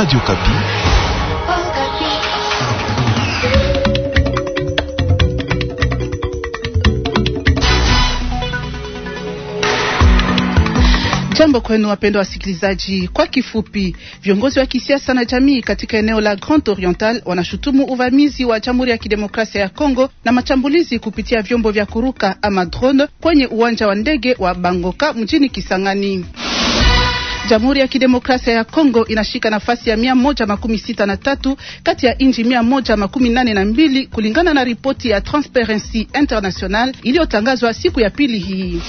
Radio Okapi. Jambo kwenu wapendwa wasikilizaji. Kwa kifupi, viongozi wa kisiasa na jamii katika eneo la Grand Oriental wanashutumu uvamizi wa Jamhuri ya Kidemokrasia ya Kongo na mashambulizi kupitia vyombo vya kuruka ama drone kwenye uwanja wa ndege wa Bangoka mjini Kisangani. Jamhuri ya Kidemokrasia ya Kongo inashika nafasi ya mia moja makumi sita na tatu kati ya nchi mia moja makumi nane na mbili kulingana na ripoti ya Transparency International iliyotangazwa siku ya pili hii.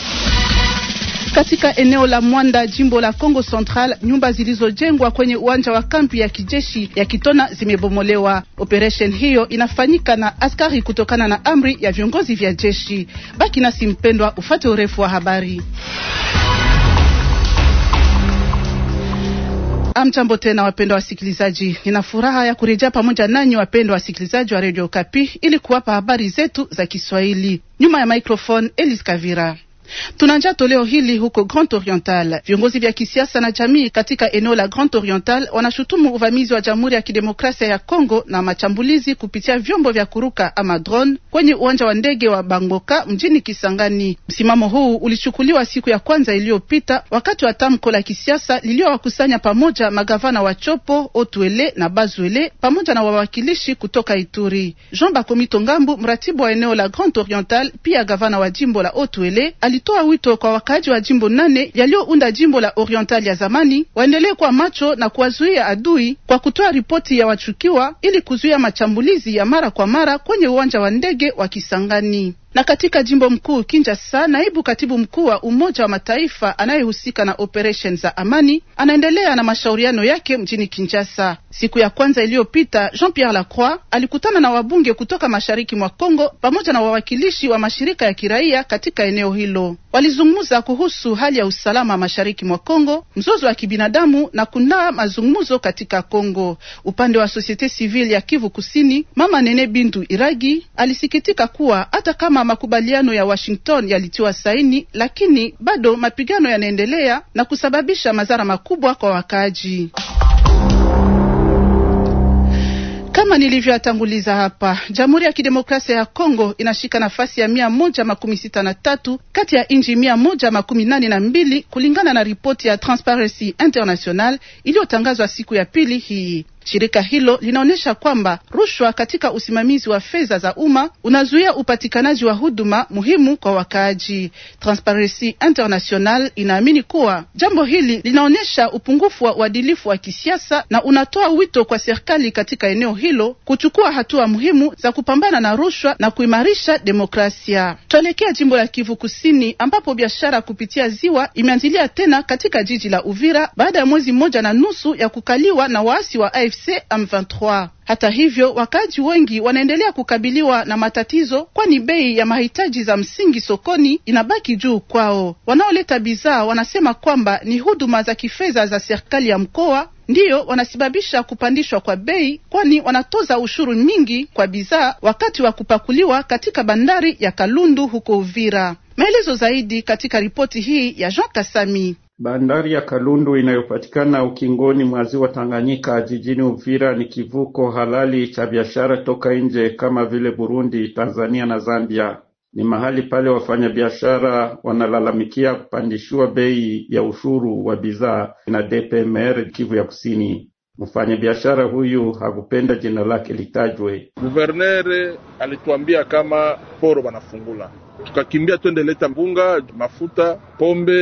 Katika eneo la Mwanda, jimbo la Kongo Central, nyumba zilizojengwa kwenye uwanja wa kampi ya kijeshi ya Kitona zimebomolewa. Operation hiyo inafanyika na askari kutokana na amri ya viongozi vya jeshi. Baki nasi mpendwa, ufate urefu wa habari. Amjambo tena wapendwa wasikilizaji, nina furaha ya kurejea pamoja nanyi wapendwa wasikilizaji wa Radio Kapi ili kuwapa habari zetu za Kiswahili. Nyuma ya microphone Elise Kavira. Tunanja toleo hili huko Grand Oriental. Viongozi vya kisiasa na jamii katika eneo la Grand Oriental wanashutumu uvamizi wa Jamhuri ya Kidemokrasia ya Kongo na machambulizi kupitia vyombo vya kuruka ama drone kwenye uwanja wa ndege wa Bangoka mjini Kisangani. Msimamo huu ulichukuliwa siku ya kwanza iliyopita wakati wa tamko la kisiasa liliyowakusanya pamoja magavana wa Chopo, Otwele na Bazwele pamoja na wawakilishi kutoka Ituri. Jean Bakomito Ngambu, mratibu wa eneo la Grand Oriental, pia gavana wa jimbo la Otuele, ali alitoa wito kwa wakaaji wa jimbo nane yaliyounda jimbo la Oriental ya zamani waendelee kwa macho na kuwazuia adui kwa kutoa ripoti ya wachukiwa ili kuzuia machambulizi ya mara kwa mara kwenye uwanja wa ndege wa Kisangani. Na katika jimbo mkuu Kinshasa, naibu katibu mkuu wa Umoja wa Mataifa anayehusika na operesheni za amani anaendelea na mashauriano yake mjini Kinshasa. Siku ya kwanza iliyopita, Jean Pierre Lacroix alikutana na wabunge kutoka mashariki mwa Kongo pamoja na wawakilishi wa mashirika ya kiraia katika eneo hilo. Walizungumza kuhusu hali ya usalama mashariki mwa Kongo, mzozo wa kibinadamu na kunaa mazungumzo katika Kongo. Upande wa societe civile ya Kivu Kusini, Mama Nene Bindu Iragi alisikitika kuwa hata kama kama makubaliano ya Washington yalitiwa saini, lakini bado mapigano yanaendelea na kusababisha madhara makubwa kwa wakaaji. Kama nilivyoyatanguliza hapa, Jamhuri ya Kidemokrasia ya Kongo inashika nafasi ya mia moja makumi sita na tatu kati ya nchi mia moja makumi nane na mbili kulingana na ripoti ya Transparency International iliyotangazwa siku ya pili hii. Shirika hilo linaonyesha kwamba rushwa katika usimamizi wa fedha za umma unazuia upatikanaji wa huduma muhimu kwa wakaaji. Transparency International inaamini kuwa jambo hili linaonyesha upungufu wa uadilifu wa kisiasa na unatoa wito kwa serikali katika eneo hilo kuchukua hatua muhimu za kupambana na rushwa na kuimarisha demokrasia. Tuelekea jimbo la Kivu Kusini ambapo biashara kupitia ziwa imeanzilia tena katika jiji la Uvira baada ya mwezi mmoja na nusu ya kukaliwa na waasi wa AF AFC M23. Hata hivyo, wakaaji wengi wanaendelea kukabiliwa na matatizo, kwani bei ya mahitaji za msingi sokoni inabaki juu kwao. Wanaoleta bidhaa wanasema kwamba ni huduma za kifedha za serikali ya mkoa ndiyo wanasababisha kupandishwa kwa bei, kwani wanatoza ushuru nyingi kwa bidhaa wakati wa kupakuliwa katika bandari ya Kalundu huko Uvira. Maelezo zaidi katika ripoti hii ya Jean Kasami. Bandari ya Kalundu inayopatikana ukingoni mwa ziwa Tanganyika jijini Uvira ni kivuko halali cha biashara toka nje kama vile Burundi, Tanzania na Zambia. Ni mahali pale wafanyabiashara wanalalamikia kupandishiwa bei ya ushuru wa bidhaa na DPMR Kivu ya Kusini. Mfanyabiashara huyu hakupenda jina lake litajwe. Guvernere alituambia kama poro wanafungula tukakimbia twende leta mpunga, mafuta, pombe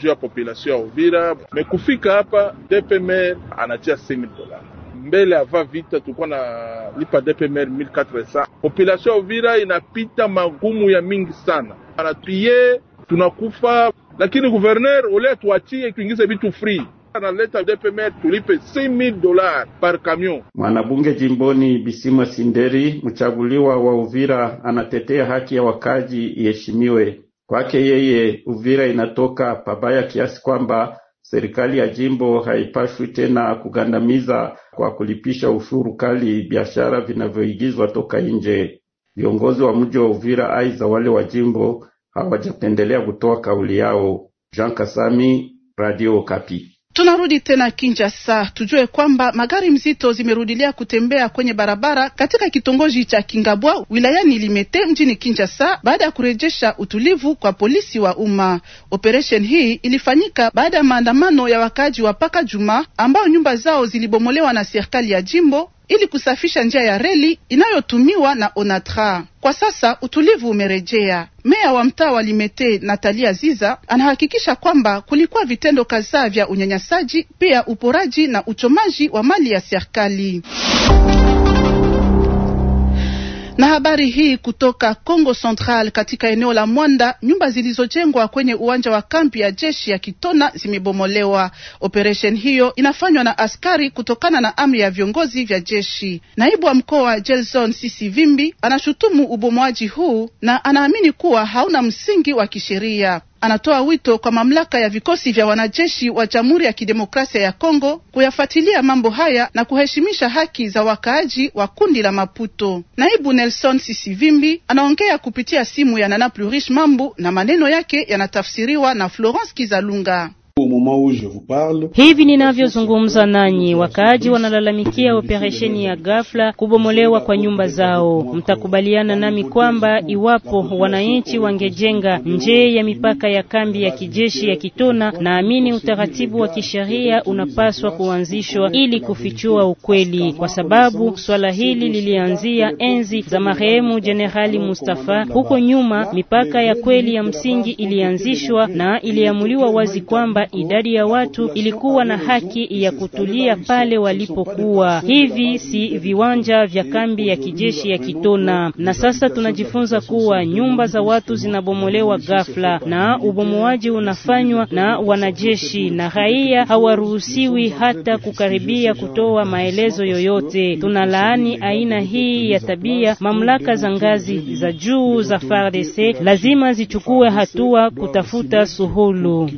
juu ya population ya Uvira. Mekufika hapa DPMR anatia 6000 dola mbele ava vita tulikuwa na lipa DPMR 1400. Population ya Uvira inapita magumu ya mingi sana, anatupie tunakufa, lakini guverner ule atuachie tuingize vitu free depe DPM tulipe 6000 dola par camion. Mwanabunge jimboni Bisima Sinderi, mchaguliwa wa Uvira, anatetea haki ya wakaji iheshimiwe. Kwake yeye, Uvira inatoka pabaya kiasi kwamba serikali ya jimbo haipashwi tena kugandamiza kwa kulipisha ushuru kali biashara vinavyoigizwa toka nje. Viongozi wa mji wa Uvira aiza wale wa jimbo hawajapendelea kutoa kauli yao. Jean Kasami, Radio Kapi. Tunarudi tena Kinshasa tujue kwamba magari mzito zimerudilia kutembea kwenye barabara katika kitongoji cha Kingabwa wilayani Limete mjini Kinshasa baada ya kurejesha utulivu kwa polisi wa umma. Operation hii ilifanyika baada ya maandamano ya wakaaji wa Paka Juma ambao nyumba zao zilibomolewa na serikali ya jimbo ili kusafisha njia ya reli inayotumiwa na Onatra. Kwa sasa utulivu umerejea. Meya wa mtaa wa Limete Natalia Ziza anahakikisha kwamba kulikuwa vitendo kadhaa vya unyanyasaji, pia uporaji na uchomaji wa mali ya serikali. Na habari hii kutoka congo Central, katika eneo la Mwanda, nyumba zilizojengwa kwenye uwanja wa kambi ya jeshi ya Kitona zimebomolewa. Operesheni hiyo inafanywa na askari kutokana na amri ya viongozi vya jeshi. Naibu wa mkoa Jelson Sisi Vimbi anashutumu ubomoaji huu na anaamini kuwa hauna msingi wa kisheria anatoa wito kwa mamlaka ya vikosi vya wanajeshi wa Jamhuri ya Kidemokrasia ya Kongo kuyafuatilia mambo haya na kuheshimisha haki za wakaaji wa kundi la Maputo. Naibu Nelson Sisivimbi anaongea kupitia simu ya Nana Plurish Mambu na maneno yake yanatafsiriwa na Florence Kizalunga. Hivi ninavyozungumza nanyi, wakaaji wanalalamikia operesheni ya ghafla kubomolewa kwa nyumba zao. Mtakubaliana nami kwamba iwapo wananchi wangejenga nje ya mipaka ya kambi ya kijeshi ya Kitona, naamini utaratibu wa kisheria unapaswa kuanzishwa ili kufichua ukweli, kwa sababu swala hili lilianzia enzi za marehemu Jenerali Mustafa. Huko nyuma, mipaka ya kweli ya msingi ilianzishwa na iliamuliwa wazi kwamba idadi ya watu ilikuwa na haki ya kutulia pale walipokuwa. Hivi si viwanja vya kambi ya kijeshi ya Kitona. Na sasa tunajifunza kuwa nyumba za watu zinabomolewa ghafla na ubomoaji unafanywa na wanajeshi, na raia hawaruhusiwi hata kukaribia kutoa maelezo yoyote. Tunalaani aina hii ya tabia. Mamlaka za ngazi za juu za FARDC lazima zichukue hatua kutafuta suhulu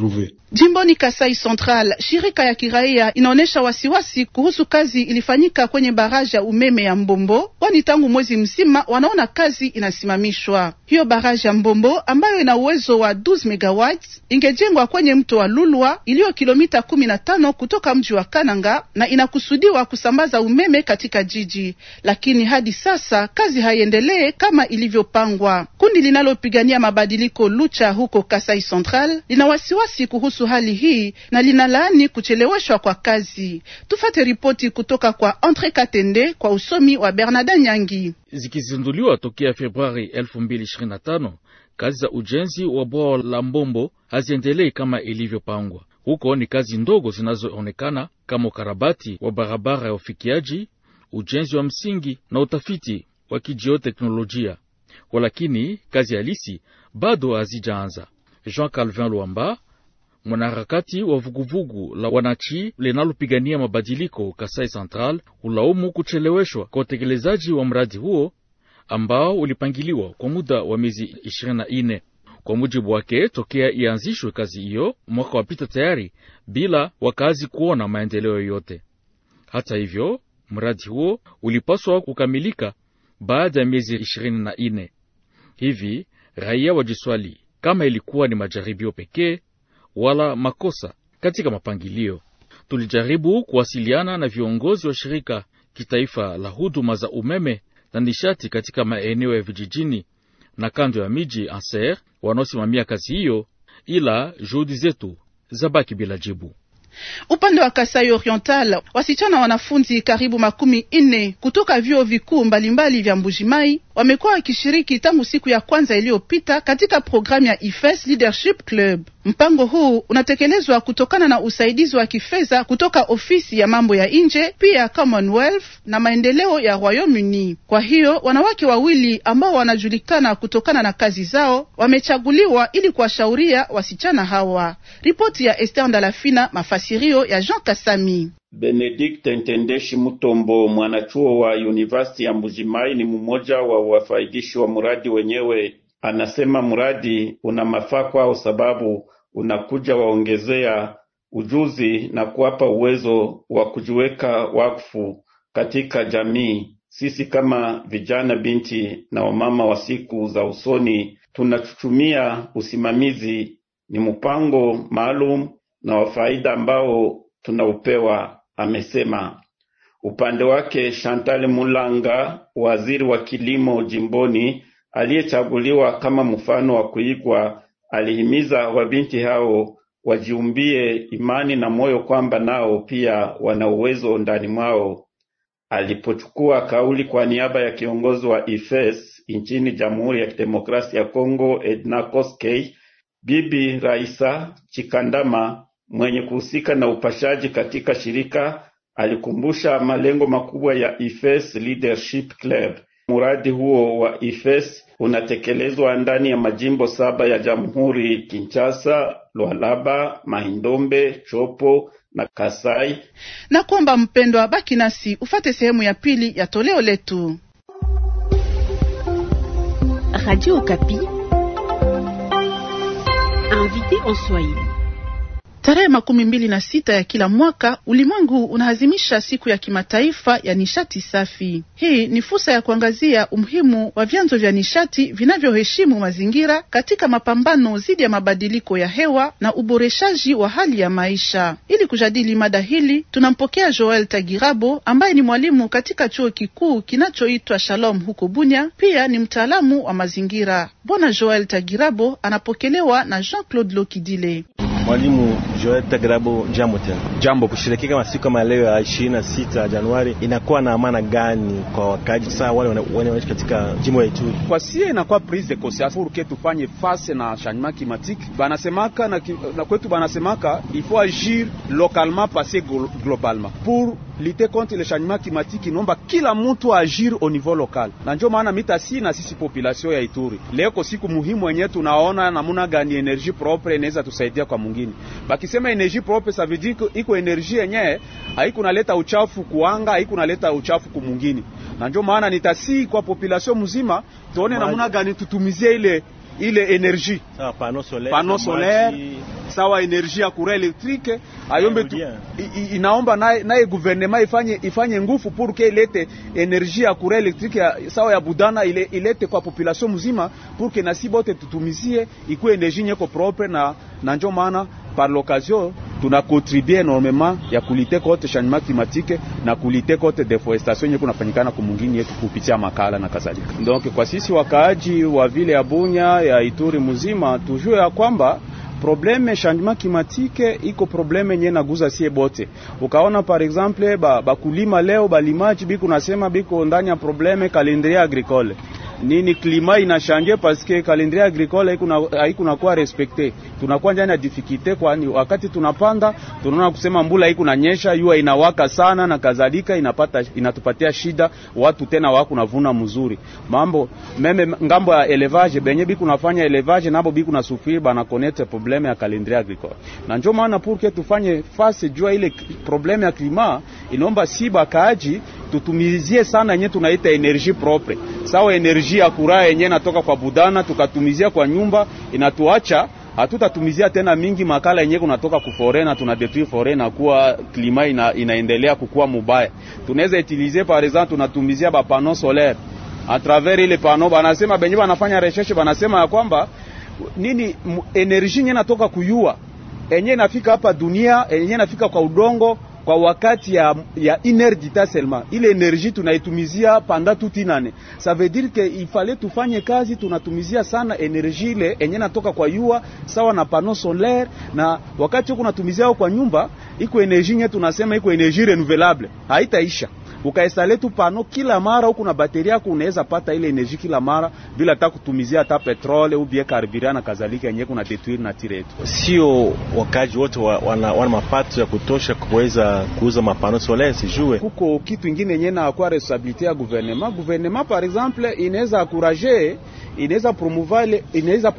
trouver. Jimboni Kasai Central, shirika ya kiraia inaonyesha wasiwasi kuhusu kazi ilifanyika kwenye baraja ya umeme ya Mbombo, kwani tangu mwezi mzima wanaona kazi inasimamishwa. Hiyo baraja ya Mbombo ambayo ina uwezo wa 12 megawatts ingejengwa kwenye mto wa Lulwa iliyo kilomita 15 kutoka mji wa Kananga na inakusudiwa kusambaza umeme katika jiji, lakini hadi sasa kazi haiendelee kama ilivyopangwa. Kundi linalopigania mabadiliko Lucha huko Kasai Central lina wasiwasi wasiwasi kuhusu hali hii na linalaani kucheleweshwa kwa kazi. Tufate ripoti kutoka kwa Andre Katende kwa usomi wa Bernarda Nyangi. Zikizinduliwa tokea Februari 2025 kazi za ujenzi wa bwawa la Mbombo haziendelei kama ilivyopangwa. Huko ni kazi ndogo zinazoonekana kama ukarabati wa barabara ya ufikiaji, ujenzi wa msingi na utafiti wa kijioteknolojia, walakini kazi halisi bado hazijaanza. Jean Calvin Luamba mwanaharakati wa vuguvugu la wananchi linalopigania mabadiliko Kasai Central ulaumu kucheleweshwa kwa utekelezaji wa mradi huo ambao ulipangiliwa kwa muda wa miezi 24. Kwa mujibu wake, tokea ianzishwe kazi hiyo mwaka wapita tayari bila wakazi kuona maendeleo yoyote. Hata hivyo, mradi huo ulipaswa kukamilika baada ya miezi 24. Hivi raia wajiswali kama ilikuwa ni majaribio pekee wala makosa katika mapangilio. Tulijaribu kuwasiliana na viongozi wa shirika kitaifa la huduma za umeme na nishati katika maeneo ya vijijini na kando ya miji anser wanaosimamia kazi hiyo, ila juhudi zetu zabaki bila jibu. Upande wa Kasai Oriental, wasichana wanafunzi karibu makumi nne kutoka vyuo vikuu mbalimbali vya Mbujimai wamekuwa wakishiriki tangu siku ya kwanza iliyopita katika programu ya IFES Leadership Club. Mpango huu unatekelezwa kutokana na usaidizi wa kifedha kutoka ofisi ya mambo ya nje pia Commonwealth na maendeleo ya Royaume-Uni. Kwa hiyo wanawake wawili ambao wanajulikana kutokana na kazi zao wamechaguliwa ili kuwashauria wasichana hawa. Ripoti ya Esther Ndalafina, mafasirio ya Jean Kasami. Benedict Ntendeshi Mutombo, mwanachuo wa University ya mbujimai ni mmoja wa wafaidishi wa mradi wenyewe. Anasema mradi una mafaa kwao, sababu unakuja waongezea ujuzi na kuwapa uwezo wa kujiweka wakfu katika jamii. Sisi kama vijana, binti na wamama wa siku za usoni tunachuchumia usimamizi. Ni mpango maalum na wafaida ambao tunaupewa amesema. Upande wake Chantal Mulanga, waziri wa kilimo jimboni aliyechaguliwa kama mfano wa kuigwa, alihimiza wabinti hao wajiumbie imani na moyo kwamba nao pia wana uwezo ndani mwao. Alipochukua kauli kwa niaba ya kiongozi wa IFES nchini Jamhuri ya Kidemokrasia ya Kongo, Edna Koskei, Bibi Raisa Chikandama mwenye kuhusika na upashaji katika shirika alikumbusha malengo makubwa ya IFES Leadership Club. Muradi huo wa IFES unatekelezwa ndani ya majimbo saba ya Jamhuri: Kinshasa, Lualaba, Maindombe, Chopo na Kasai, na kwamba mpendwa, baki nasi ufate sehemu ya pili ya toleo letu Radio Okapi invité en Swahili. Tarehe makumi mbili na sita ya kila mwaka ulimwengu unaazimisha siku ya kimataifa ya nishati safi. Hii ni fursa ya kuangazia umuhimu wa vyanzo vya nishati vinavyoheshimu mazingira katika mapambano dhidi ya mabadiliko ya hewa na uboreshaji wa hali ya maisha. Ili kujadili mada hili, tunampokea Joel Tagirabo ambaye ni mwalimu katika chuo kikuu kinachoitwa Shalom huko Bunya, pia ni mtaalamu wa mazingira. Bwana Joel Tagirabo anapokelewa na Jean Claude Lokidile, mwalimu Joel Tagrabo, jambo tena. Jambo, kushiriki kama siku kama leo ya 26 Januari inakuwa na maana gani kwa wakaji saa wale wanaishi katika jimbo la Ituri? Kwa sie inakuwa prise de conscience uruke tufanye face na changement climatique. Banasemaka na, na kwetu banasemaka il faut agir localement passer globalement. Pour lutter contre le changement climatique inaomba kila mtu agir au niveau local. Na ndio maana mita si na sisi population ya Ituri. Leo siku muhimu yenyewe tunaona namuna gani energie propre inaweza tusaidia kwa mwingine. Baki nikisema energie propre ça veut dire que iko energie yenye yenyewe naleta uchafu kuanga, naleta uchafu kumungini, na ndio maana nitasi kwa population mzima tuone namna gani tutumizie ile ile energie sawa, pano solaire, pano solaire sawa, energie ya courant électrique ayombe tu, inaomba naye naye gouvernement ifanye ifanye nguvu pour que ilete energie ya courant électrique sawa ya budana ile ilete kwa population mzima pour que nasi bote tutumizie ikuwe energie nyeko propre na na ndio maana par l'occasion tunakontribue enormement ya kulite kote changement climatique na kulite kote deforestation yenye kunafanyikana kumungini yetu kupitia makala na kadhalika. Donc kwa sisi wakaaji wa vile ya Bunya ya Ituri muzima tujue ya kwamba probleme changement climatique iko probleme nye naguza sie bote. Ukaona par exemple ba, bakulima leo balimaji biko nasema biko ndani ya probleme kalendrier agricole nini klima inashanje paske kalendrier agricole haikunakuwa respekte, tunakuwa ndani ya difikite, kwani wakati tunapanda tunaona kusema mbula haikuna nyesha, jua inawaka sana na kadhalika, inapata inatupatia shida, watu tena navuna mzuri mambo meme ngambo ya elevage benye biku nafanya elevage nabo biku na sufiri bana connaître problème ya calendrier agricole, na ndio maana pour que tufanye fasi jua ile problème ya klima, inomba si bakaaji tutumizie sana yenye tunaita energie propre, sawa energie ya kuraha yenye natoka kwa budana, tukatumizia kwa nyumba, inatuacha hatutatumizia tena mingi makala yenye kunatoka kufore na tunadetruire fore na kuwa klima ina, inaendelea kukua mubaya. Tunaweza utilize par exemple, tunatumizia ba panneau solaire a travers ile panneau, banasema benye banafanya recherche banasema ya kwamba nini energie yenye natoka kuyua enye nafika hapa dunia enye nafika kwa udongo kwa wakati ya, ya energy ta ile enerji tunaitumizia panda tuti nane, sa veut dire que ifale tufanye kazi, tunatumizia sana enerji ile enye natoka kwa yua sawa na pano solaire, na wakati huko natumizia kwa nyumba iko enerji nye tunasema iko energy renouvelable haitaisha ukaesale tu pano kila mara huko na bateria yako unaweza pata ile energy kila mara bila hata kutumizia hata petrole au bia carburant na kadhalika, yenyewe kuna detuir na tire yetu. Sio wakaji wote wa, wana, wana mapato ya kutosha kuweza kuuza mapano solaire sijue. Kuko kitu ingine yenyewe na kwa responsibility ya gouvernement gouvernement, par exemple inaweza encourager inaweza promouvoir inaweza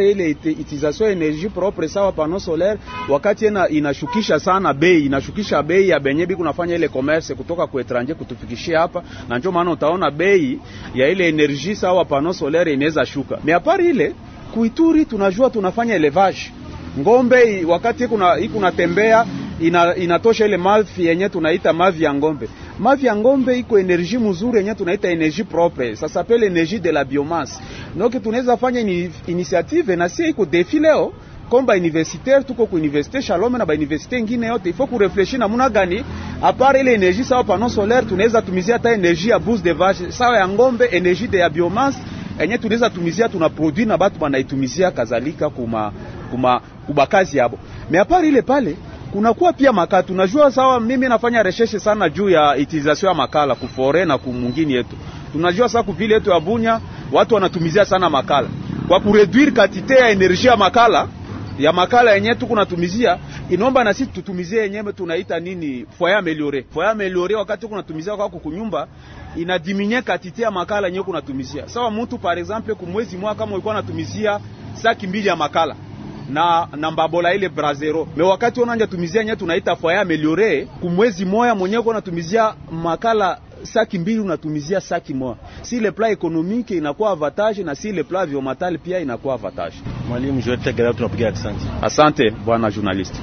ile utilisation ya energie propre sawa pano solaire, wakati ena, inashukisha sana bei, inashukisha bei ya benye biku nafanya ile commerce kutoka kwa etranger kutufikishia hapa, na ndio maana utaona bei ya ile energie sawa pano solaire inaweza shuka. Meapari ile kuituri, tunajua tunafanya elevage ngombe, wakati ikunatembea ina, inatosha ile mavi yenye tunaita mavi ya ngombe mavi ya ng'ombe iko energie mzuri yenye tunaita energie propre, ça s'appelle energie de la biomasse. Donc tunaweza fanya ini, initiative na sie iko defi leo komba universitaire tuko ku université Shalom na ba université ngine yote, ifo ku refleshi namuna gani apart ile energie sawa pano solaire, tunaweza tumizia hata energie ya bouse de vache sawa ya ng'ombe, energie de ya biomasse enye tunaweza tumizia tuna produit na batu banaitumizia kadhalika kuma kuma kubakazi yabo. Me apart ile pale kunakuwa pia makala. Tunajua sawa, mimi nafanya resheshe sana juu ya utilization ya makala kufore na kumungini yetu. Tunajua sawa kuvile yetu ya Bunya watu wanatumizia sana makala kwa kureduire katite ya energie ya makala ya makala yenye tuko natumizia, inomba na sisi tutumizie yenyewe, tunaita nini, foyer ameliore. Foyer ameliore, wakati uko natumizia kwako kunyumba, inadiminye katite ya makala kuna tumizia Sawa, mtu par exemple, kumwezi mwaka kama ulikuwa natumizia saki mbili ya makala na na mbabola ile brazero me wakati onanja tumizia nye tunaita foyer ameliore kumwezi moya mwenyeko natumizia makala saki mbili unatumizia saki moja, si le plan ekonomike inakuwa avantage na si le plan viomatale pia inakuwa avantage. Mwalimu Joete Gala, tunapiga asante. Asante bwana journalist,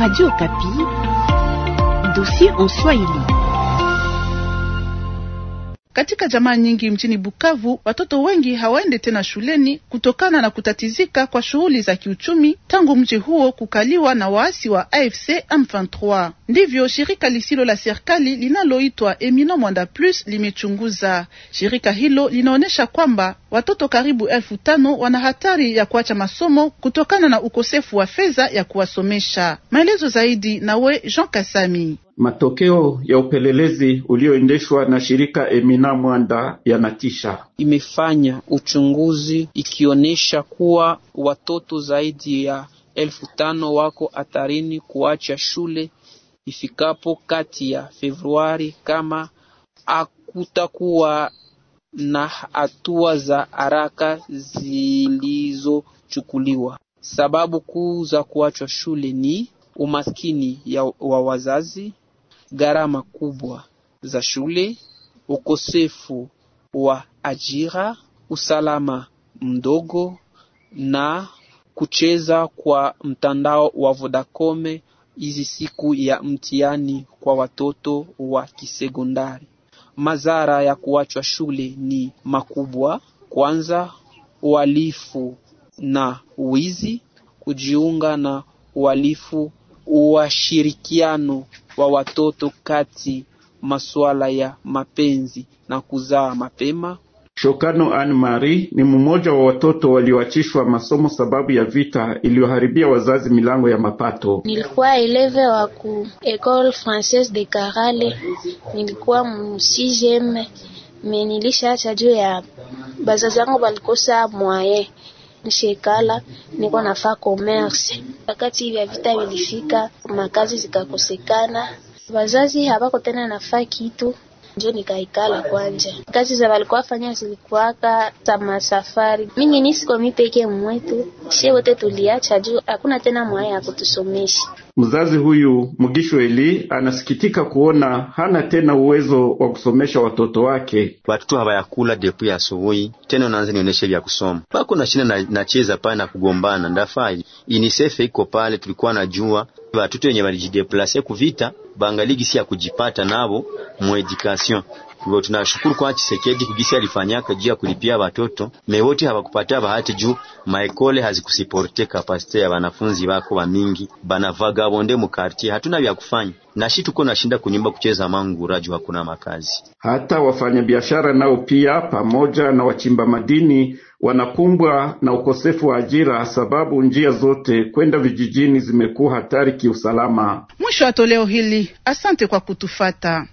Radio Kapi, dossier en Swahili. Katika jamaa nyingi mjini Bukavu, watoto wengi hawaende tena shuleni kutokana na kutatizika kwa shughuli za kiuchumi tangu mji huo kukaliwa na waasi wa AFC M23. Ndivyo shirika lisilo la serikali linaloitwa Emino Mwanda Plus limechunguza. Shirika hilo linaonyesha kwamba watoto karibu elfu tano wana hatari ya kuacha masomo kutokana na ukosefu wa fedha ya kuwasomesha. Maelezo zaidi nawe Jean Kasami. Matokeo ya upelelezi ulioendeshwa na shirika Emina Mwanda yanatisha. Imefanya uchunguzi ikionyesha kuwa watoto zaidi ya elfu tano wako hatarini kuacha shule ifikapo kati ya Februari kama hakutakuwa na hatua za haraka zilizochukuliwa. Sababu kuu za kuachwa shule ni umaskini ya wa wazazi, gharama kubwa za shule, ukosefu wa ajira, usalama mdogo na kucheza kwa mtandao wa Vodacom hizi siku ya mtihani kwa watoto wa kisekondari. Madhara ya kuachwa shule ni makubwa. Kwanza, uhalifu na wizi, kujiunga na uhalifu, washirikiano wa watoto kati masuala ya mapenzi na kuzaa mapema. Shokano Anne Marie ni mmoja wa watoto walioachishwa masomo sababu ya vita iliyoharibia wazazi milango ya mapato. Nilikuwa eleve wa ku Ecole Française de Karale, nilikuwa msijeme me nilishaacha juu ya bazazi yangu balikosa mwaye Nshekala niko nafaa commerce. Wakati vya vita vilifika, makazi zikakosekana, wazazi habako tena nafaa kitu njo nikaikala kwanja. Kazi za walikuwa fanya zilikuwaka za masafari, mingi ni siko mipeke mwetu, sie wote tuliacha juu hakuna tena mwaya ya kutusomesha. Mzazi huyu Mugisho Eli anasikitika kuona hana tena uwezo wa kusomesha watoto wake. Watoto habayakula ya asubuhi, tena unaanza nionyeshe vya kusoma bako na shina nacheza pale na kugombana ndafai. UNICEF iko pale, tulikuwa najua watoto wenye walijideplase kuvita bangaliki si ya kujipata nabo mu education. Hivyo tunashukuru kwa Chisekedi kugisi alifanyaka juu ya kulipia watoto mewoti hawakupata bahati juu maekole hazikusiporte kapasite ya wanafunzi wako wa mingi banavagabonde mukartie, hatuna vya kufanya nashi tuko nashinda kunyumba kucheza mangura raju hakuna makazi. Hata wafanyabiashara nao pia pamoja na wachimba madini wanakumbwa na ukosefu wa ajira, sababu njia zote kwenda vijijini zimekuwa hatari kiusalama. Mwisho wa toleo hili, asante kwa kutufata.